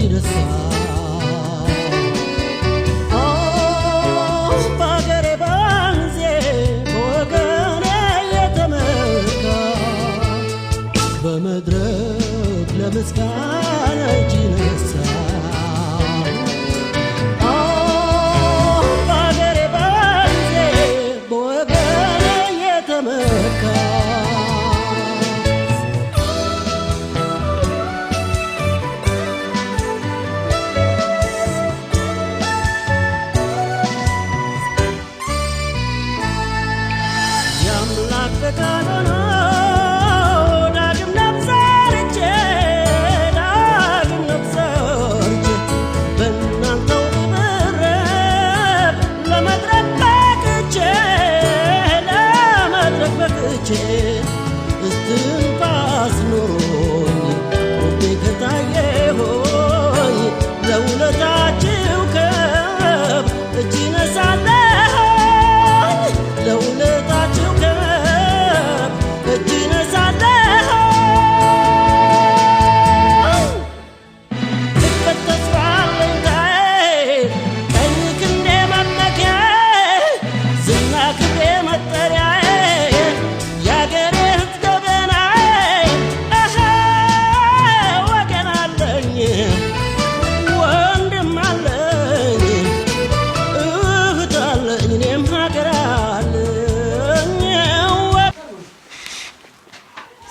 you to ትንፋስ ኑሮኝ ውቤ ከታየ ሆይ ለውለታ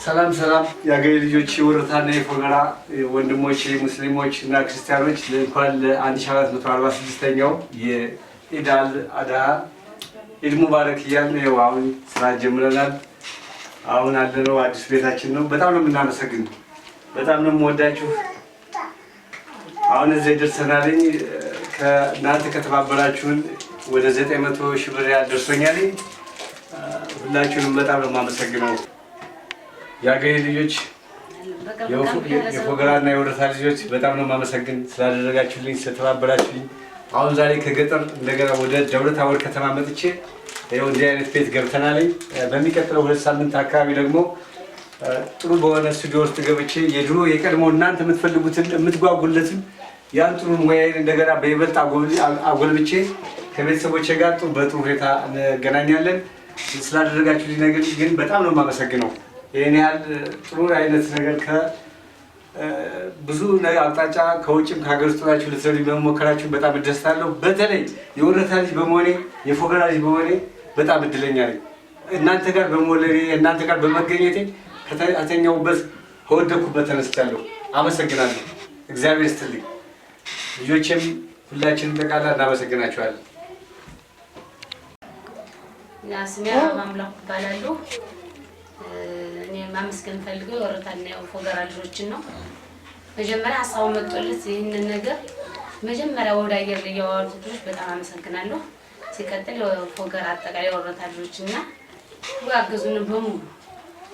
ሰላም ሰላም የአገሬ ልጆች የወረታና የፎገራ ወንድሞች ሙስሊሞች እና ክርስቲያኖች እንኳን ለ1446ኛው የኢድ አል አድሃ ኢድ ሙባረክ እያልን ይኸው አሁን ስራ ጀምረናል። አሁን አለነው አዲስ ቤታችን ነው። በጣም ነው የምናመሰግን፣ በጣም ነው የምወዳችሁ። አሁን እዚህ ደርሰናልኝ ከእናንተ ከተባበራችሁን ወደ 900 ሺህ ብር ያደርሶኛል። ሁላችሁንም በጣም ነው የማመሰግነው። የአገሬ ልጆች የፎገራና የወረታ ልጆች በጣም ነው የማመሰግን ስላደረጋችሁልኝ፣ ስለተባበራችሁልኝ። አሁን ዛሬ ከገጠር እንደገና ወደ ደብረ ታቦር ከተማ መጥቼ ይኸው እንዲህ አይነት ቤት ገብተናለኝ። በሚቀጥለው ሁለት ሳምንት አካባቢ ደግሞ ጥሩ በሆነ ስቱዲዮ ውስጥ ገብቼ የድሮ የቀድሞ እናንተ የምትፈልጉትን የምትጓጉለትን ያን ጥሩ ሙያዬን እንደገና በይበልጥ አጎልብቼ ከቤተሰቦቼ ጋር ጥሩ በጥሩ ሁኔታ እንገናኛለን። ስላደረጋችሁልኝ ነገር ግን በጣም ነው የማመሰግነው። ይህን ያህል ጥሩ አይነት ነገር ብዙ አቅጣጫ ከውጭም ከሀገር ውስጥ ናችሁ ልትሰሩ በመሞከራችሁ በጣም እደስታለሁ። በተለይ የወረታ ልጅ በመሆኔ የፎገራ ልጅ በመሆኔ በጣም እድለኛ ነኝ። እናንተ ጋር በመወለዴ እናንተ ጋር በመገኘቴ ከተኛሁበት ከወደኩበት ተነስቻለሁ። አመሰግናለሁ። እግዚአብሔር ይስጥልኝ። ልጆችም ሁላችንም ጠቃላ እናመሰግናችኋለን። ስሜ ማምላክ እባላለሁ። ማመስገን ፈልገው የወረታና የፎገራ ልጆችን ነው። መጀመሪያ ሀሳቡ መጥቶለት ይህንን ነገር መጀመሪያ ወደ አየር ላይ ያወሩት ልጆች በጣም አመሰግናለሁ። ሲቀጥል የፎገራ አጠቃላይ የወረታ ልጆች እና ያገዙን በሙሉ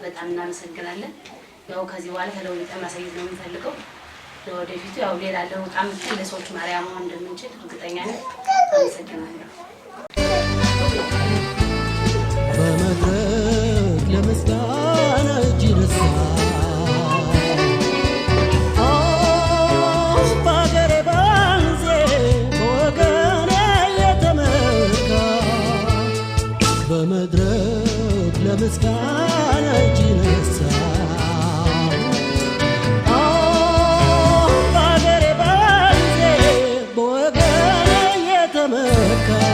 በጣም እናመሰግናለን። ያው ከዚህ በኋላ ተለውጠ ማሳየት ነው የምንፈልገው። ለወደፊቱ ያው ሌላ ለውጣ ምትል ለሰዎች ማርያም መሆን እንደምንችል እርግጠኛ ነኝ። አመሰግናለሁ። በመድረክ ለምስጋና እጅ ነሳ በአገሬ በአንዜ በወገኔ የተመካ